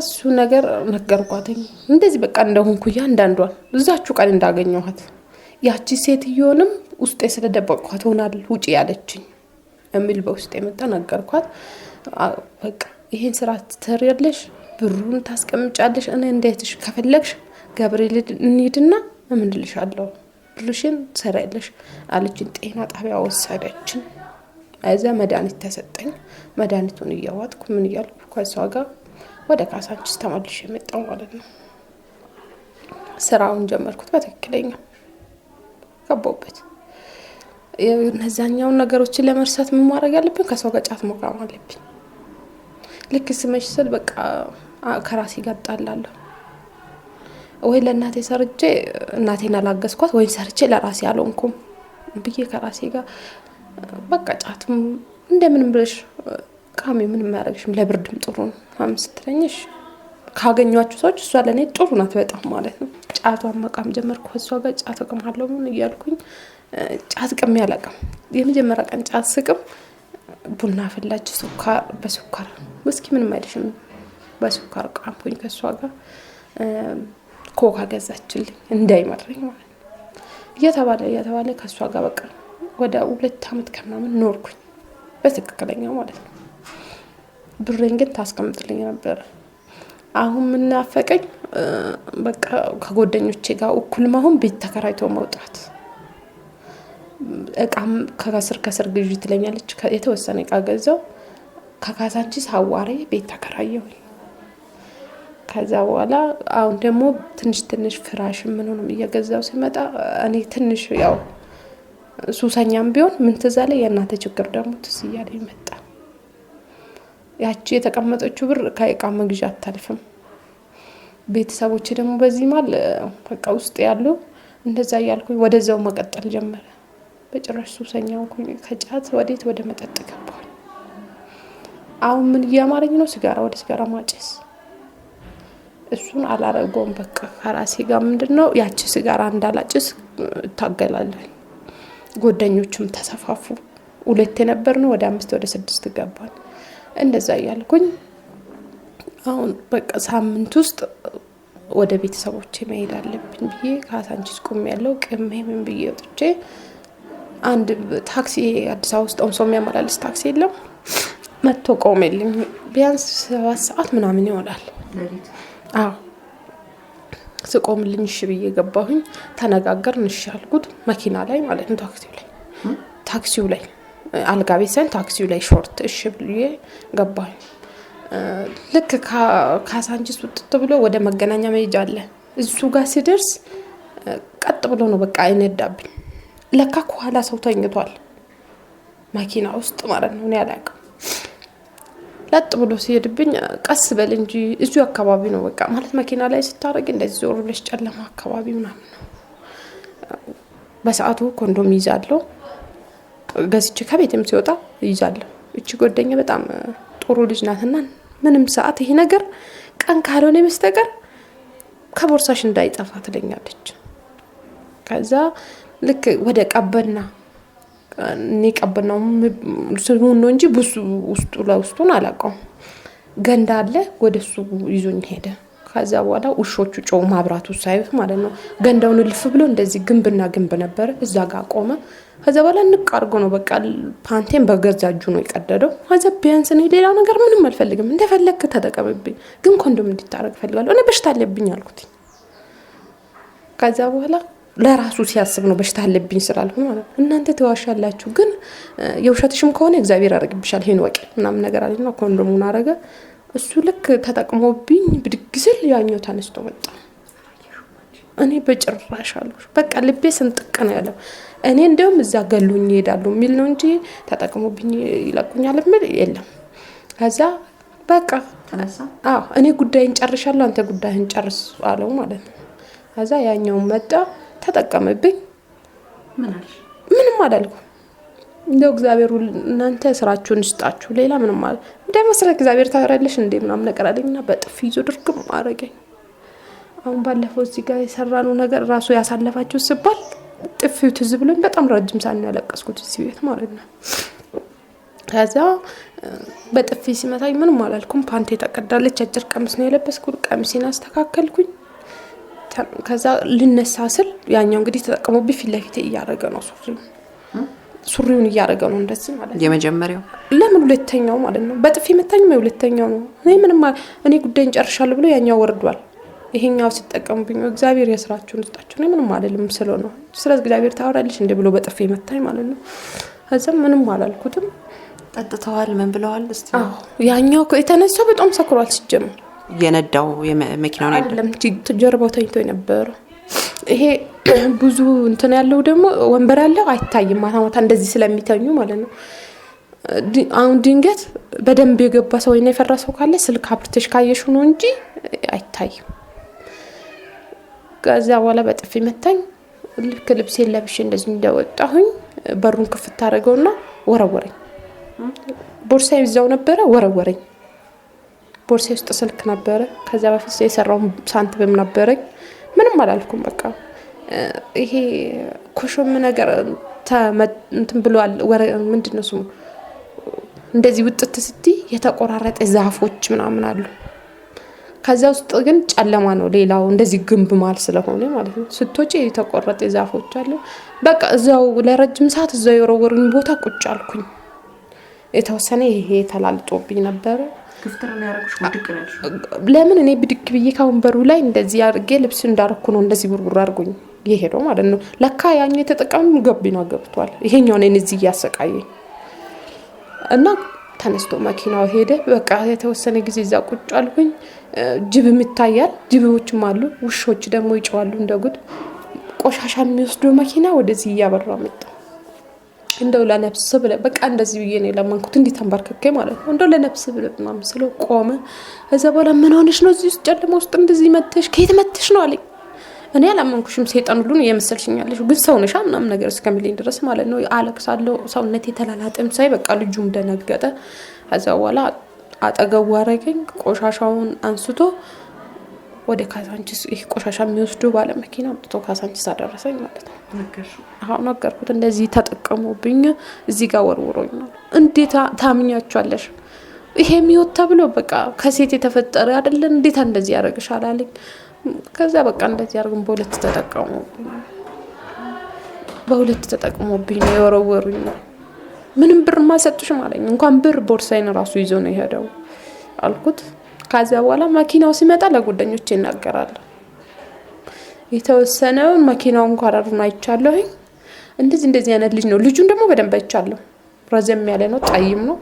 እሱ ነገር ነገርኳትኝ። እንደዚህ በቃ እንደሆንኩ እያንዳንዷን እዛችሁ ቀን እንዳገኘኋት ያቺ ሴትዮንም ውስጤ ስለደበቅኳት ሆናል ውጪ ያለችኝ የሚል በውስጤ መጣ። ነገርኳት። በቃ ይህን ስራ ትሰሪያለሽ፣ ብሩን ታስቀምጫለሽ። እኔ እንዴትሽ ከፈለግሽ ገብርኤል እንሂድና እምንልሻለሁ ብሉሽን ትሰሪያለሽ አለችን። ጤና ጣቢያ ወሰደችን። እዛ መድኃኒት ተሰጠኝ። መድኃኒቱን እያዋጥኩ ምን እያልኩ ከሷ ጋር ወደ ካሳንችስ ተመልሼ የመጣው ማለት ነው። ስራውን ጀመርኩት በትክክለኛ ገባሁበት። እነዛኛውን ነገሮችን ለመርሳት ምን ማድረግ አለብን? ከሰው ጋር ጫት መቃም አለብኝ። ልክ ስመሽ ስል በቃ ከራሴ ጋር እጣላለሁ። ወይ ለእናቴ ሰርቼ እናቴን አላገዝኳት፣ ወይም ሰርቼ ለራሴ አልሆንኩም ብዬ ከራሴ ጋር በቃ ጫትም እንደምንም ብለሽ ቃሚ ምን ማያደርግሽም ለብርድም ጥሩ ነው ምናምን ስትለኝሽ እሺ ካገኟቸው ሰዎች እሷ ለእኔ ጥሩ ናት በጣም ማለት ነው። ጫቷን መቃም ጀመርኩ። ከእሷ ጋር ጫት እቅማለሁ ምን እያልኩኝ ጫት ቅም አላውቅም። የመጀመሪያ ቀን ጫት ስቅም ቡና ፈላች፣ ሱካር በሱካር ውስኪ ምንም አይልሽም፣ በሱካር ቃምኩኝ። ከእሷ ጋር ኮካ ገዛችልኝ እንዳይመረኝ ማለት ነው እየተባለ እየተባለ ከእሷ ጋር በቃ ወደ ሁለት አመት ከምናምን ኖርኩኝ በትክክለኛ ማለት ነው። ብሬን ግን ታስቀምጥልኝ ነበረ። አሁን ምናፈቀኝ በቃ ከጓደኞቼ ጋር እኩል መሆን፣ ቤት ተከራይቶ መውጣት፣ እቃም ከስር ከስር ግዢ ትለኛለች። የተወሰነ እቃ ገዛው። ከካዛንቺስ ሐዋሬ ቤት ተከራየው። ከዛ በኋላ አሁን ደግሞ ትንሽ ትንሽ ፍራሽ ምንሆንም እየገዛው ሲመጣ እኔ ትንሽ ያው ሱሰኛም ቢሆን ምን ትዝ አለኝ የእናቴ ችግር ደግሞ ትዝ እያለኝ መጣ። ያቺ የተቀመጠችው ብር ከእቃ መግዣ አታልፍም። ቤተሰቦች ደግሞ በዚህ ማል በቃ ውስጥ ያሉ እንደዛ እያልኩኝ ወደዛው መቀጠል ጀመረ። በጭራሽ ሱሰኛ ሆንኩኝ። ከጫት ወዴት ወደ መጠጥ ገባሁኝ። አሁን ምን እያማረኝ ነው? ሲጋራ ወደ ሲጋራ ማጨስ። እሱን አላረገውም። በቃ ከራሴ ጋር ምንድን ነው ያቺ ሲጋራ እንዳላጭስ እታገላለን ጓደኞቹም ተሰፋፉ። ሁለት የነበር ነው ወደ አምስት ወደ ስድስት ገባል። እንደዛ እያልኩኝ አሁን በቃ ሳምንት ውስጥ ወደ ቤተሰቦቼ መሄድ አለብኝ ብዬ ከሳንቺስ ቁም ያለው ቅሜ ምን ብዬ ወጥቼ አንድ ታክሲ አዲስ አበባ ውስጥ ኦምሶ የሚያመላልስ ታክሲ የለም። መጥቶ ቆመልኝ። ቢያንስ ሰባት ሰዓት ምናምን ይሆናል። አዎ ስቆምልኝ እሺ ብዬ ገባሁኝ። ተነጋገርን፣ እሺ አልኩት። መኪና ላይ ማለት ነው ታክሲው ላይ ታክሲው ላይ አልጋ ቤት ሳይሆን ታክሲው ላይ ሾርት እሺ ብዬ ገባኝ። ልክ ከሳንጅስ ውጥት ብሎ ወደ መገናኛ መሄጃ አለ። እሱ ጋር ሲደርስ ቀጥ ብሎ ነው በቃ አይነዳብኝ። ለካ ከኋላ ሰው ተኝቷል መኪና ውስጥ ማለት ነው። እኔ አላውቅም። ለጥ ብሎ ሲሄድብኝ ቀስ በል እንጂ እዚሁ አካባቢ ነው በቃ ማለት መኪና ላይ ስታደርግ እንደዚህ ዞር ብለሽ ጨለማ አካባቢ ምናምን ነው። በሰዓቱ ኮንዶም ይዛለሁ። ገዝቼ ከቤትም ሲወጣ ይዛለሁ። እቺ ጎደኛ በጣም ጥሩ ልጅ ናትና ምንም ሰዓት ይሄ ነገር ቀን ካልሆነ የመስተቀር ከቦርሳሽ እንዳይጠፋ ትለኛለች። ከዛ ልክ ወደ ቀበና እኔ ቀበናው ስሙን ነው እንጂ ብዙ ውስጡ ለውስጡን አላውቀውም። ገንዳ አለ። ወደ እሱ ይዞኝ ሄደ። ከዛ በኋላ ውሾቹ ጮው ማብራቱ ሳዩት ማለት ነው። ገንዳውን እልፍ ብሎ እንደዚህ ግንብና ግንብ ነበረ፣ እዛ ጋር ቆመ። ከዛ በኋላ ንቅ አድርጎ ነው በቃ ፓንቴን በገዛ እጁ ነው የቀደደው። ከዚያ ቢያንስ እኔ ሌላው ነገር ምንም አልፈልግም፣ እንደፈለግክ ተጠቀምብኝ፣ ግን ኮንዶም እንዲታረግ እፈልጋለሁ፣ እኔ በሽታ አለብኝ አልኩት። ከዛ በኋላ ለራሱ ሲያስብ ነው በሽታ አለብኝ ስላልሁ ማለት ነው። እናንተ ትዋሻላችሁ፣ ግን የውሸትሽም ከሆነ እግዚአብሔር ያደርግብሻል፣ ይሄን ወቂ ምናምን ነገር አለና ኮንዶሙን አረገ። እሱ ልክ ተጠቅሞብኝ ብድግ ስል ያኛው ተነስቶ መጣ። እኔ በጭራሽ አሉ። በቃ ልቤ ስንጥቅ ነው ያለው። እኔ እንዲያውም እዛ ገሉኝ ይሄዳሉ የሚል ነው እንጂ ተጠቅሞብኝ ይለቁኛል የሚል የለም። ከዛ በቃ አዎ እኔ ጉዳይን ጨርሻለሁ፣ አንተ ጉዳይን ጨርስ አለው ማለት ነው። ከዛ ያኛውን መጣ ተጠቀምብኝ። ምንም አላልኩም። እንደው እግዚአብሔር እናንተ ስራችሁን ይስጣችሁ። ሌላ ምንም አለ እንዳይመስለህ እግዚአብሔር ታረለሽ እንዴ ምናምን ነገር አለኝና በጥፍ ይዞ ድርግም አረገኝ። አሁን ባለፈው እዚህ ጋር የሰራነው ነገር ራሱ ያሳለፋችሁ ስባል ጥፊው ትዝ ብሎኝ በጣም ረጅም ሳን ያለቀስኩት እዚህ ቤት ማለት ነው። ከዛ በጥፊ ሲመታኝ ምንም አላልኩም። ፓንቴ ተቀዳለች፣ አጭር ቀሚስ ነው የለበስኩት። ቀሚሴን አስተካከልኩኝ። ከዛ ልነሳ ስል ያኛው እንግዲህ ተጠቅሞብኝ ፊት ለፊት እያደረገ ነው ሱሪ ሱሪውን እያደረገ ነው እንደዚህ ማለት ነው። የመጀመሪያው ለምን ሁለተኛው ማለት ነው። በጥፊ መታኝም የሁለተኛው ነው። እኔ ምንም እኔ ጉዳይን ጨርሻለሁ ብሎ ያኛው ወርዷል። ይሄኛው ሲጠቀሙብኝ እግዚአብሔር የስራችሁን ስጣችሁ፣ እኔ ምንም አልልም ስለ ነው ስለ እግዚአብሔር ታወራለች እንደ ብሎ በጥፊ መታኝ ማለት ነው። ከዚም ምንም አላልኩትም። ጠጥተዋል ምን ብለዋል ስ ያኛው የተነሳው በጣም ሰክሯል። ሲጀምር የነዳው መኪናውን ጀርባው ተኝቶ የነበረው ይሄ ብዙ እንትን ያለው ደግሞ ወንበር ያለው አይታይም። ማታ ማታ እንደዚህ ስለሚተኙ ማለት ነው። አሁን ድንገት በደንብ የገባ ሰው ወይና የፈራ ሰው ካለ ስልክ አብርተሽ ካየሹ ነው እንጂ አይታይም። ከዚያ በኋላ በጥፊ መታኝ። ልክ ልብሴ ለብሼ እንደዚህ እንደወጣሁኝ በሩን ክፍት አደረገውና ወረወረኝ። ቦርሳዬ እዛው ነበረ፣ ወረወረኝ። ቦርሳዬ ውስጥ ስልክ ነበረ። ከዚያ በፊት የሰራውን ሳንቲምም ነበረኝ። ምንም አላልኩም። በቃ ይሄ ኮሾም ነገር እንትን ብሏል። ምንድን ነው ስሙ? እንደዚህ ውጥት ስትይ የተቆራረጠ ዛፎች ምናምን አሉ። ከዚያ ውስጥ ግን ጨለማ ነው። ሌላው እንደዚህ ግንብ ማል ስለሆነ ማለት ነው። ስቶች የተቆረጠ ዛፎች አሉ። በቃ እዛው ለረጅም ሰዓት እዛው የወረወሩኝ ቦታ ቁጭ አልኩኝ። የተወሰነ ይሄ ተላልጦብኝ ነበረ። ለምን እኔ ብድግ ብዬ ከወንበሩ ላይ እንደዚህ አድርጌ ልብስ እንዳረኩ ነው እንደዚህ ቡርቡር አድርጎኝ የሄደው ማለት ነው። ለካ ያኛው የተጠቀሙ ገቢ ገብቷል። ይሄኛው እኔን እዚህ እያሰቃየኝ እና ተነስቶ መኪናው ሄደ። በቃ የተወሰነ ጊዜ እዛ ቁጭ አልኩኝ። ጅብም ይታያል፣ ጅብዎችም አሉ፣ ውሾች ደግሞ ይጨዋሉ እንደ ጉድ። ቆሻሻ የሚወስደው መኪና ወደዚህ እያበራ መጣ። እንደው ለነፍስ ብለ በቃ እንደዚህ ብዬ ነው የለመንኩት፣ እንዲህ ተንበርክኬ ማለት ነው። እንደው ለነፍስ ብለ ምናምን ስለው ቆመ። እዛ በኋላ ምን ሆነሽ ነው እዚህ ውስጥ ጨለማ ውስጥ እንደዚህ መተሽ ከየት መተሽ ነው አለኝ። እኔ አላመንኩሽም፣ ሴጣን ሁሉ ነው የመሰልሽኛለሽ፣ ግን ሰው ነሽ ምናምን ነገር እስከሚለኝ ድረስ ማለት ነው። አለቅሳለሁ። ሰውነት የተላላጠም ሳይ በቃ ልጁም ደነገጠ። ከዛ በኋላ አጠገቡ አረገኝ። ቆሻሻውን አንስቶ ወደ ካሳንችስ ይህ ቆሻሻ የሚወስዱ ባለመኪና መኪና አምጥቶ ካሳንችስ አደረሰኝ ማለት ነው። አሁን ነገርኩት፣ እንደዚህ ተጠቀሙብኝ፣ እዚህ ጋር ወርውሮኝ ነው። እንዴት ታምኛቸዋለሽ? ይሄ የሚወት ተብሎ በቃ ከሴት የተፈጠረ አይደለን? እንዴታ እንደዚህ ያደረግሽ አላለኝ። ከዚያ በቃ እንደዚህ ያደርግም በሁለት ተጠቀሙብኝ፣ በሁለት ተጠቅሞብኝ ነው የወረወሩኝ ነው። ምንም ብር ማሰጡሽ ማለኝ። እንኳን ብር ቦርሳይን ራሱ ይዞ ነው የሄደው አልኩት። ከዚያ በኋላ መኪናው ሲመጣ ለጓደኞች ይናገራሉ። የተወሰነውን መኪናውን ኳራሩን አይቻለሁ። እንደዚህ እንደዚህ አይነት ልጅ ነው። ልጁን ደግሞ በደንብ አይቻለሁ። ረዘም ያለ ነው፣ ጠይም ነው።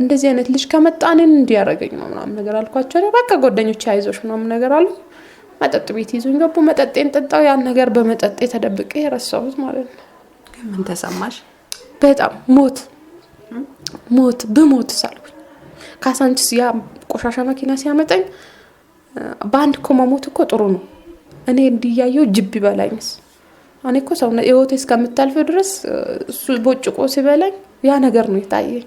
እንደዚህ አይነት ልጅ ከመጣንን እንዲያደርገኝ ነው ምናምን ነገር አልኳቸው። በቃ ጓደኞች አይዞሽ ምናምን ነገር አሉ። መጠጥ ቤት ይዞኝ ገቡ። መጠጤን ጠጣው። ያን ነገር በመጠጤ ተደብቄ የረሳሁት ማለት ነው። ምን ተሰማሽ? በጣም ሞት ሞት ብሞት ሳልኩኝ ካሳንችስ ያ ቆሻሻ መኪና ሲያመጠኝ በአንድ እኮ መሞት እኮ ጥሩ ነው። እኔ እንዲያየው ጅብ ይበላኝስ? እኔ እኮ ሰው ህይወቴ እስከምታልፍ ድረስ እሱ ቦጭቆ ሲበላኝ ያ ነገር ነው የታየኝ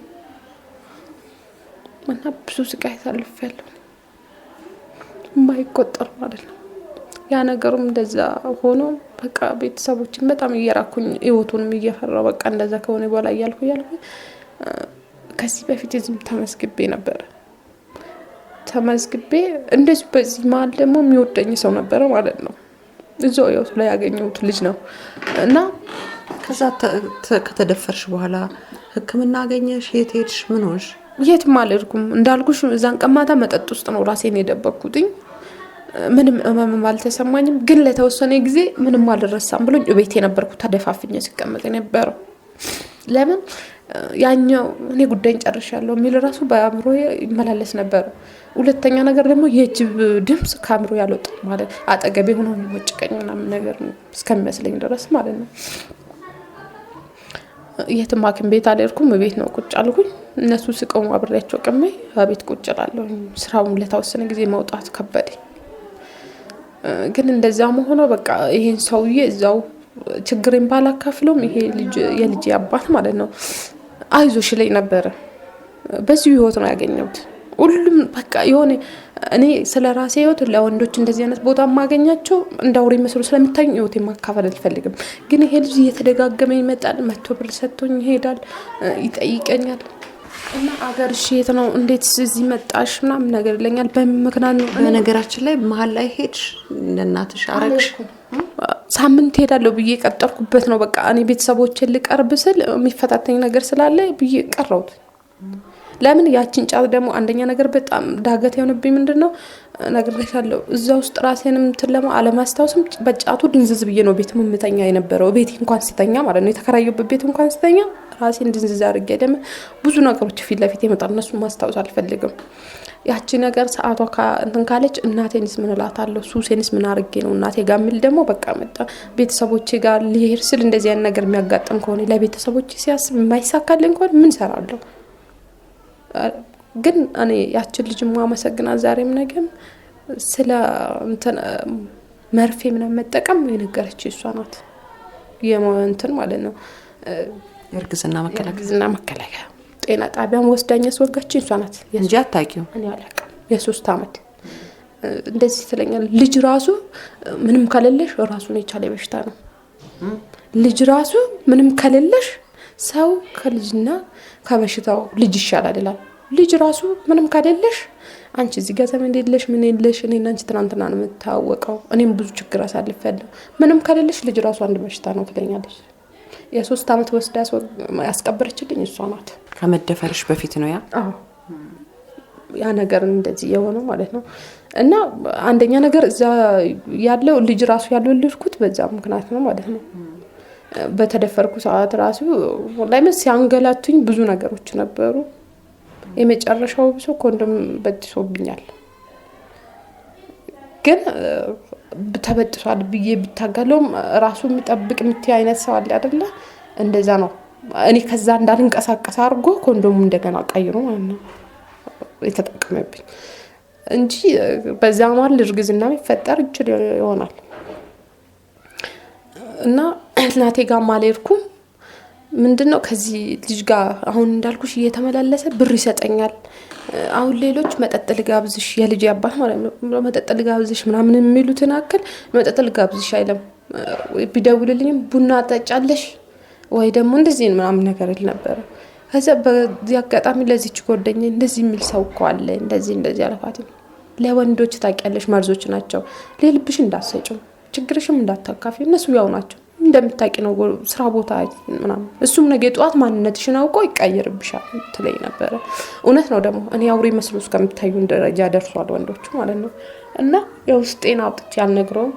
እና ብዙ ስቃይ ያሳልፌያለሁ። የማይቆጠር ማለት ነው። ያ ነገሩም እንደዛ ሆኖ በቃ ቤተሰቦችን በጣም እየራኩኝ ህይወቱንም እየፈራው በቃ እንደዛ ከሆነ በኋላ እያልኩ እያልኩ ከዚህ በፊት የዚህም ተመዝግቤ ነበረ። ተመዝግቤ እንደዚሁ በዚህ መሀል ደግሞ የሚወደኝ ሰው ነበረ ማለት ነው። እዛው ህይወቱ ላይ ያገኘሁት ልጅ ነው እና ከዛ ከተደፈርሽ በኋላ ሕክምና አገኘሽ? የት ሄድሽ? ምን ሆንሽ? የትም አልሄድኩም እንዳልኩሽ፣ እዛን ቀማታ መጠጥ ውስጥ ነው ራሴን የደበኩትኝ። ምንም እመምም አልተሰማኝም፣ ግን ለተወሰነ ጊዜ ምንም አልረሳም ብሎኝ ቤት የነበርኩ ተደፋፍኝ ስቀመጥ የነበረው ለምን ያኛው እኔ ጉዳይን ጨርሻለሁ የሚል ራሱ በአእምሮ ይመላለስ ነበር። ሁለተኛ ነገር ደግሞ የጅብ ድምፅ ከአእምሮ ያልወጣ ማለት አጠገቤ ሆኖ የሚሞጭቀኝ ምናምን ነገር እስከሚመስለኝ ድረስ ማለት ነው። የትም ሐኪም ቤት አልሄድኩም። ቤት ነው ቁጭ አልኩኝ። እነሱ ስቀሙ አብሬያቸው ቅሜ በቤት ቁጭ እላለሁ። ስራውን ለተወሰነ ጊዜ መውጣት ከበደኝ። ግን እንደዛ ሆኖ በቃ ይሄን ሰውዬ እዛው ችግሬን ባላካፍለውም ይሄ የልጅ አባት ማለት ነው አይዞሽ ላይ ነበረ። በዚሁ ህይወት ነው ያገኘሁት። ሁሉም በቃ የሆነ እኔ ስለ ራሴ ህይወት ለወንዶች እንደዚህ አይነት ቦታ የማገኛቸው እንደ አውሬ መስሎ ስለሚታኝ ህይወት ማካፈል አልፈልግም። ግን ይሄ ልጅ እየተደጋገመ ይመጣል። መቶ ብር ሰጥቶኝ ይሄዳል፣ ይጠይቀኛል እና አገርሽ የት ነው? እንዴት እዚህ መጣሽ? ምናምን ነገር ይለኛል። በምክንያት ነው። በነገራችን ላይ መሀል ላይ ሄድሽ እንደ እናትሽ አረግሽ። ሳምንት ሄዳለሁ ብዬ ቀጠርኩበት ነው። በቃ እኔ ቤተሰቦችን ልቀርብ ስል የሚፈታተኝ ነገር ስላለ ብዬ ቀረውት ለምን ያችን ጫት ደግሞ አንደኛ ነገር በጣም ዳገት የሆነብኝ ምንድን ነው እነግርሻለሁ፣ እዛ ውስጥ ራሴንም ትለማ ለማ አለማስታወስም በጫቱ ድንዝዝ ብዬ ነው ቤት ምምተኛ የነበረው። ቤት እንኳን ሲተኛ ማለት ነው የተከራየሁበት ቤት እንኳን ሲተኛ ራሴን ድንዝዝ አድርጌ ደግሞ ብዙ ነገሮች ፊት ለፊት የመጣ እነሱ ማስታወስ አልፈልግም። ያቺ ነገር ሰዓቷ እንትን ካለች እናቴንስ ምን እላታለሁ? ሱሴንስ ምን አርጌ ነው እናቴ ጋር ምል ደግሞ በቃ መጣ ቤተሰቦቼ ጋር ሊሄድ ስል እንደዚህ ያን ነገር የሚያጋጥም ከሆነ ለቤተሰቦቼ ሲያስብ የማይሳካልኝ ከሆነ ምን ሰራለሁ? ግን እኔ ያችን ልጅ ማመሰግና ዛሬም ነገም ስለ መርፌ ምናምን መጠቀም የነገረች እሷ ናት። የእንትን ማለት ነው እርግዝና መከላከያ ጤና ጣቢያም ወስዳኝ ያስወጋች እሷ ናት እንጂ አታውቂው። እኔ አላውቅም። የሶስት አመት እንደዚህ ትለኛል። ልጅ ራሱ ምንም ከሌለሽ ራሱን የቻለ በሽታ ነው። ልጅ ራሱ ምንም ከሌለሽ ሰው ከልጅና ከበሽታው ልጅ ይሻላል ይላል። ልጅ ራሱ ምንም ካደለሽ አንቺ እዚህ ጋር ዘመን የለሽ ምን የለሽ። እኔ አንቺ ትናንትና ነው የምታወቀው። እኔም ብዙ ችግር አሳልፌያለሁ። ምንም ከሌለሽ ልጅ ራሱ አንድ በሽታ ነው ትለኛለች። የሶስት አመት ወስዳ ያስቀበረችልኝ እሷ ናት። ከመደፈርሽ በፊት ነው ያ ያ ነገር እንደዚህ የሆነው ማለት ነው። እና አንደኛ ነገር እዛ ያለው ልጅ ራሱ ያልወለድኩት በዛ ምክንያት ነው ማለት ነው። በተደፈርኩ ሰዓት ራሱ ላይ ሲያንገላቱኝ ብዙ ነገሮች ነበሩ። የመጨረሻው ብሶ ኮንዶም በጥሶብኛል። ግን ተበጥሷል ብዬ ብታገለውም ራሱ የሚጠብቅ ምት አይነት ሰው አለ አይደለ? እንደዛ ነው። እኔ ከዛ እንዳልንቀሳቀስ አድርጎ ኮንዶሙ እንደገና ቀይሮ ማለት ነው የተጠቀመብኝ እንጂ በዛ ማል እርግዝና ይፈጠር ይችል ይሆናል። እና እናቴ ጋር አልሄድኩም። ምንድን ነው ከዚህ ልጅ ጋር አሁን እንዳልኩሽ እየተመላለሰ ብር ይሰጠኛል። አሁን ሌሎች መጠጥ ልጋብዝሽ፣ የልጅ አባት ማለት ነው መጠጥ ልጋብዝሽ ምናምን የሚሉትን አክል መጠጥ ልጋብዝሽ አይለም። ቢደውልልኝም ቡና ጠጫለሽ ወይ ደግሞ እንደዚህ ምናምን ነገር ይል ነበረ። ከዚያ በዚህ አጋጣሚ ለዚች ጓደኛ እንደዚህ የሚል ሰው እኮ አለ እንደዚህ እንደዚህ አለፋት። ለወንዶች ታውቂያለሽ መርዞች ናቸው፣ ሌልብሽ እንዳሰጩም ችግርሽም እንዳታካፊ እነሱ ያው ናቸው እንደምታቂ ነው ስራ ቦታ ምናምን እሱም ነገ ጠዋት ማንነትሽን አውቆ ይቀይርብሻል ትለይ ነበረ። እውነት ነው ደግሞ እኔ አውሬ መስሎ እስከምታዩን ደረጃ ደርሷል ወንዶቹ ማለት ነው። እና የውስጤን አውጥቼ አልነግረውም።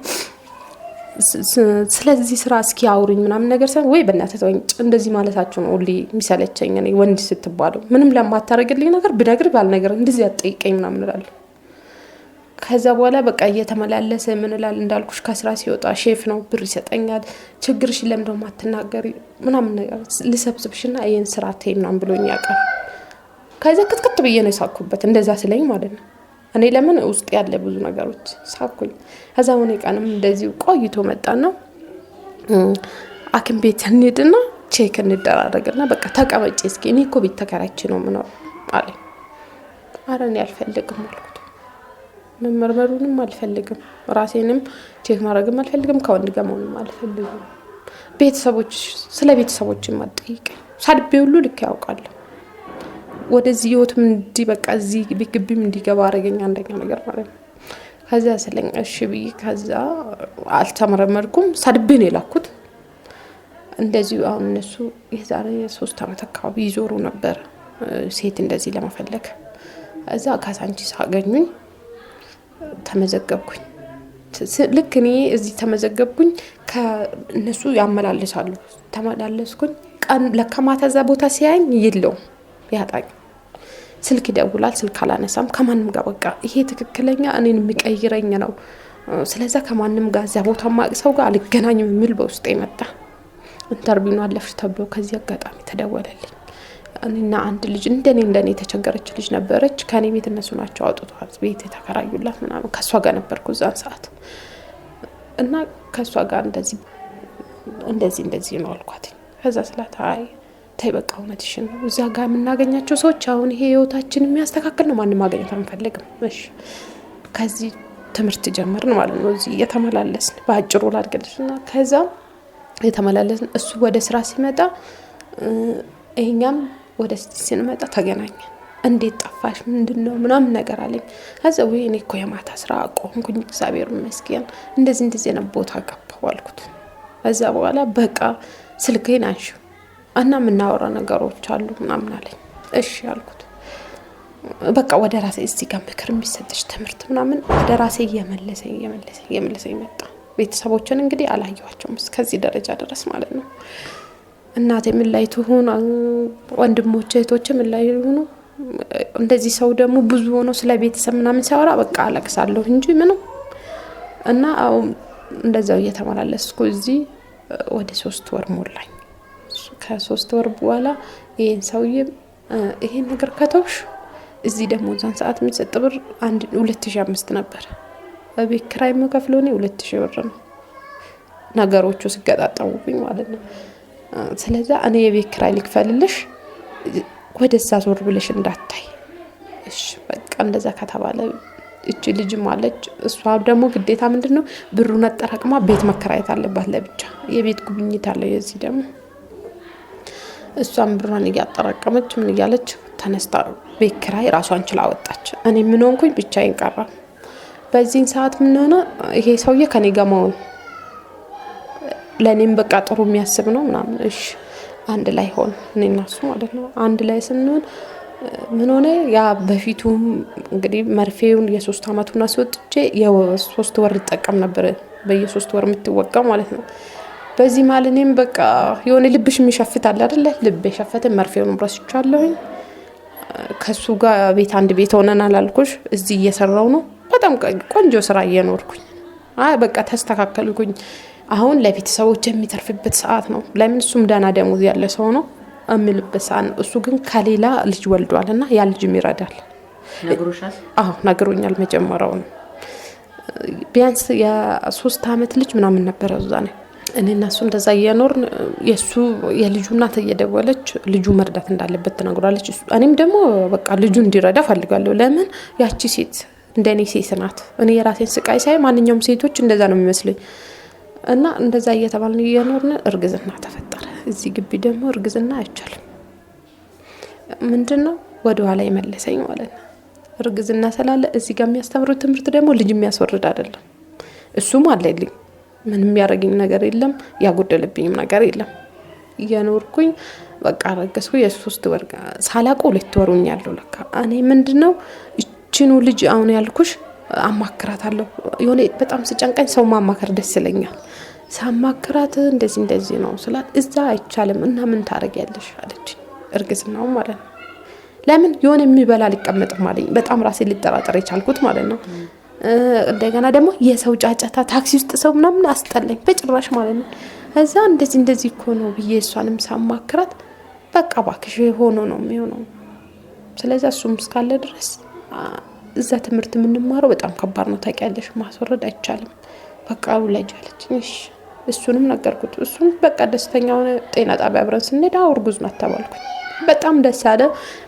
ስለዚህ ስራ እስኪ አውሩኝ ምናምን ነገር ሳይሆን ወይ በእናትህ ተወኝ፣ እንደዚህ ማለታቸው ነው ሁሌ የሚሰለቸኝ ወንድ ስትባሉ ምንም ለማታደርግልኝ ነገር ብነግር ባልነገር እንደዚህ አትጠይቀኝ ምናምን እላለሁ። ከዛ በኋላ በቃ እየተመላለሰ ምንላል እንዳልኩሽ ከስራ ሲወጣ ሼፍ ነው ብር ይሰጠኛል። ችግርሽ ለምደ ማትናገሪ ምናምን ነገር ልሰብስብሽና ይህን ስራ ትይ ምናምን ብሎኝ ያውቃል። ከዚ ክትክት ብዬ ነው የሳኩበት እንደዛ ስለኝ ማለት ነው። እኔ ለምን ውስጥ ያለ ብዙ ነገሮች ሳኩኝ። ከዛ ሆነ ቀንም እንደዚሁ ቆይቶ መጣና አክም ቤት እንሂድና ቼክ እንደራረግና በቃ ተቀመጭ እስኪ እኔ እኮ ቤት ተከራይቼ ነው ምኖር አለ አረን ያልፈልግም አልኩት። መመርመሩንም አልፈልግም። ራሴንም ቼክ ማድረግም አልፈልግም። ከወንድ ጋር መሆንም አልፈልግም። ቤተሰቦች ስለ ቤተሰቦች አጠይቀኝ ሳድቤ ሁሉ ልክ ያውቃለሁ። ወደዚህ ህይወትም እንዲህ በቃ እዚህ ግቢም እንዲገባ አረገኝ። አንደኛ ነገር ማለት ነው። ከዚያ ስለኝ እሺ ብዬ ከዛ አልተመረመርኩም። ሳድቤ ነው የላኩት። እንደዚሁ አሁን እነሱ የዛሬ ሶስት ዓመት አካባቢ ይዞሩ ነበር ሴት እንደዚህ ለመፈለግ እዛ ካሳንቺስ አገኙኝ። ተመዘገብኩኝ። ልክ እኔ እዚህ ተመዘገብኩኝ፣ ከእነሱ ያመላልሳሉ ተመላለስኩኝ። ቀን ለካ እዛ ቦታ ሲያየኝ የለውም ያጣኝ። ስልክ ይደውላል፣ ስልክ አላነሳም። ከማንም ጋር በቃ ይሄ ትክክለኛ እኔን የሚቀይረኝ ነው። ስለዛ ከማንም ጋር እዚያ ቦታ ማቅ ሰው ጋር አልገናኝም የሚል በውስጤ መጣ። ኢንተርቪውን አለፍሽ ተብሎ ከዚህ አጋጣሚ ተደወለልኝ። እና አንድ ልጅ እንደኔ እንደኔ የተቸገረች ልጅ ነበረች። ከኔ ቤት እነሱ ናቸው አውጥተዋት ቤት የተከራዩላት ምናምን። ከእሷ ጋር ነበርኩ እዛን ሰዓት እና ከእሷ ጋር እንደዚህ እንደዚህ እንደዚህ ነው አልኳት። ከዛ ስላት አይ ተይ በቃ እውነትሽን ነው። እዛ ጋር የምናገኛቸው ሰዎች አሁን ይሄ ህይወታችን የሚያስተካክል ነው። ማንም ማገኘት አንፈልግም። እሺ ከዚህ ትምህርት ጀመርን ማለት ነው። እዚህ እየተመላለስን በአጭሩ ላድገልሽ እና ከዛ የተመላለስን እሱ ወደ ስራ ሲመጣ ይሄኛም ወደዚህ ስንመጣ ተገናኘን። እንዴት ጠፋሽ? ምንድን ነው ምናምን ነገር አለኝ። ከዛ ወይ እኔ እኮ የማታ ስራ ቆምኩኝ እግዚአብሔር ይመስገን እንደዚህ እንደዚህ ነው ቦታ ገባሁ አልኩት። ከዛ በኋላ በቃ ስልክህን አንሺው እና የምናወራ ነገሮች አሉ ምናምን አለኝ። እሺ አልኩት። በቃ ወደ ራሴ እዚህ ጋር ምክር የሚሰጥሽ ትምህርት ምናምን ወደ ራሴ እየመለሰኝ እየመለሰኝ እየመለሰኝ መጣ። ቤተሰቦችን እንግዲህ አላየኋቸውም እስከዚህ ደረጃ ድረስ ማለት ነው። እናቴ ምን ላይ ትሆን፣ ወንድሞቼ እህቶቼ ምን ላይ ሆኑ። እንደዚህ ሰው ደግሞ ብዙ ሆኖ ስለ ቤተሰብ ምናምን ሲያወራ በቃ አለቅሳለሁ እንጂ ምንም እና እንደዛው እየተመላለስኩ እዚህ ወደ ሶስት ወር ሞላኝ። ከሶስት ወር በኋላ ይህን ሰውዬ ይሄን ነገር ከተውሽ እዚህ ደግሞ እዛን ሰዓት የሚሰጥ ብር አንድ ሁለት ሺ አምስት ነበር። በቤት ኪራይ የምከፍለው እኔ ሁለት ሺ ብር ነው። ነገሮቹ ሲገጣጠሙብኝ ማለት ነው። ስለዛ እኔ የቤት ክራይ ልክፈልልሽ ወደዛ ዞር ብለሽ እንዳታይ እሺ በቃ እንደዛ ከተባለ እቺ ልጅም አለች። እሷ ደግሞ ግዴታ ምንድን ነው ብሩን አጠራቅማ ቤት መከራየት አለባት ለብቻ። የቤት ጉብኝት አለው የዚህ ደግሞ እሷን ብሯን እያጠራቀመች ምን እያለች ተነስታ ቤት ኪራይ ራሷን ችላ ወጣች። እኔ ምን ሆንኩኝ ብቻዬን ቀረ። በዚህን ሰዓት ምን ሆነ ይሄ ሰውዬ ከኔ ጋር መሆን ለእኔም በቃ ጥሩ የሚያስብ ነው ምናምን። እሺ አንድ ላይ ሆን እኔ እናሱ ማለት ነው። አንድ ላይ ስንሆን ምን ሆነ ያ በፊቱም እንግዲህ መርፌውን የሶስት አመቱን አስወጥቼ የሶስት ወር ይጠቀም ነበር። በየሶስት ወር የምትወቀው ማለት ነው። በዚህ መሀል እኔም በቃ የሆነ ልብሽ የሚሸፍት አለ አደለ? ልብ የሸፈተ መርፌውን ረስቻለሁኝ። ከሱ ጋር ቤት አንድ ቤት ሆነን አላልኩሽ? እዚህ እየሰራው ነው። በጣም ቆንጆ ስራ እየኖርኩኝ በቃ ተስተካከልኩኝ። አሁን ለቤተሰቦች የሚተርፍበት ሰዓት ነው። ለምን እሱም ደህና ደሞዝ ያለ ሰው ነው የምልበት ሰዓት ነው። እሱ ግን ከሌላ ልጅ ወልዷል እና ያ ልጅም ይረዳል። አዎ ነግሮኛል። መጀመሪያው ነው ቢያንስ የሶስት አመት ልጅ ምናምን ነበረ እዛ ነ እኔ እና እሱ እንደዛ እየኖር የእሱ የልጁ እናት እየደወለች ልጁ መርዳት እንዳለበት ትነግሯለች። እኔም ደግሞ በቃ ልጁ እንዲረዳ ፈልጋለሁ። ለምን ያቺ ሴት እንደኔ ሴት ናት። እኔ የራሴን ስቃይ ሳይ ማንኛውም ሴቶች እንደዛ ነው የሚመስለኝ። እና እንደዛ እየተባልን እየኖርን እርግዝና ተፈጠረ። እዚህ ግቢ ደግሞ እርግዝና አይቻልም። ምንድን ነው ወደ ኋላ የመለሰኝ ማለት ነው። እርግዝና ስላለ እዚህ ጋር የሚያስተምሩት ትምህርት ደግሞ ልጅ የሚያስወርድ አይደለም። እሱም አለልኝ ምንም ያደረግኝ ነገር የለም፣ ያጎደለብኝም ነገር የለም። እየኖርኩኝ በቃ ረገዝኩ። የሶስት ወር ሳላቆ ሁለት ወሩኝ ያለው ለካ እኔ ምንድን ነው እችኑ ልጅ አሁን ያልኩሽ አማክራታለሁ። የሆነ በጣም ስጨንቀኝ ሰው ማማከር ደስ ይለኛል። ሳማክራት እንደዚህ እንደዚህ ነው ስላት እዛ አይቻልም እና ምን ታደርጊያለሽ አለች። እርግዝናው ማለት ነው። ለምን የሆነ የሚበላ ሊቀመጥም አለኝ። በጣም ራሴ ሊጠራጠር የቻልኩት ማለት ነው። እንደገና ደግሞ የሰው ጫጫታ ታክሲ ውስጥ ሰው ምናምን አስጠላኝ በጭራሽ ማለት ነው። እዛ እንደዚህ እንደዚህ እኮ ነው ብዬ እሷንም ሳማክራት በቃ እባክሽ ሆኖ ነው የሚሆነው። ስለዚ እሱም እስካለ ድረስ እዛ ትምህርት የምንማረው በጣም ከባድ ነው ታውቂያለሽ። ማስወረድ አይቻልም። በቃ ውለጅ አለችኝ። እሺ እሱንም ነገርኩት። እሱም በቃ ደስተኛ ሆነ። ጤና ጣቢያ አብረን ስንሄድ አዎ እርጉዝ ናት ተባልኩኝ። በጣም ደስ አለ።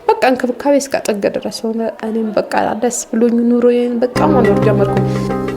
በቃ እንክብካቤ እስከ ጥግ ድረስ ሆነ። እኔም በቃ ደስ ብሎኝ ኑሮዬን በቃ ማኖር ጀመርኩኝ።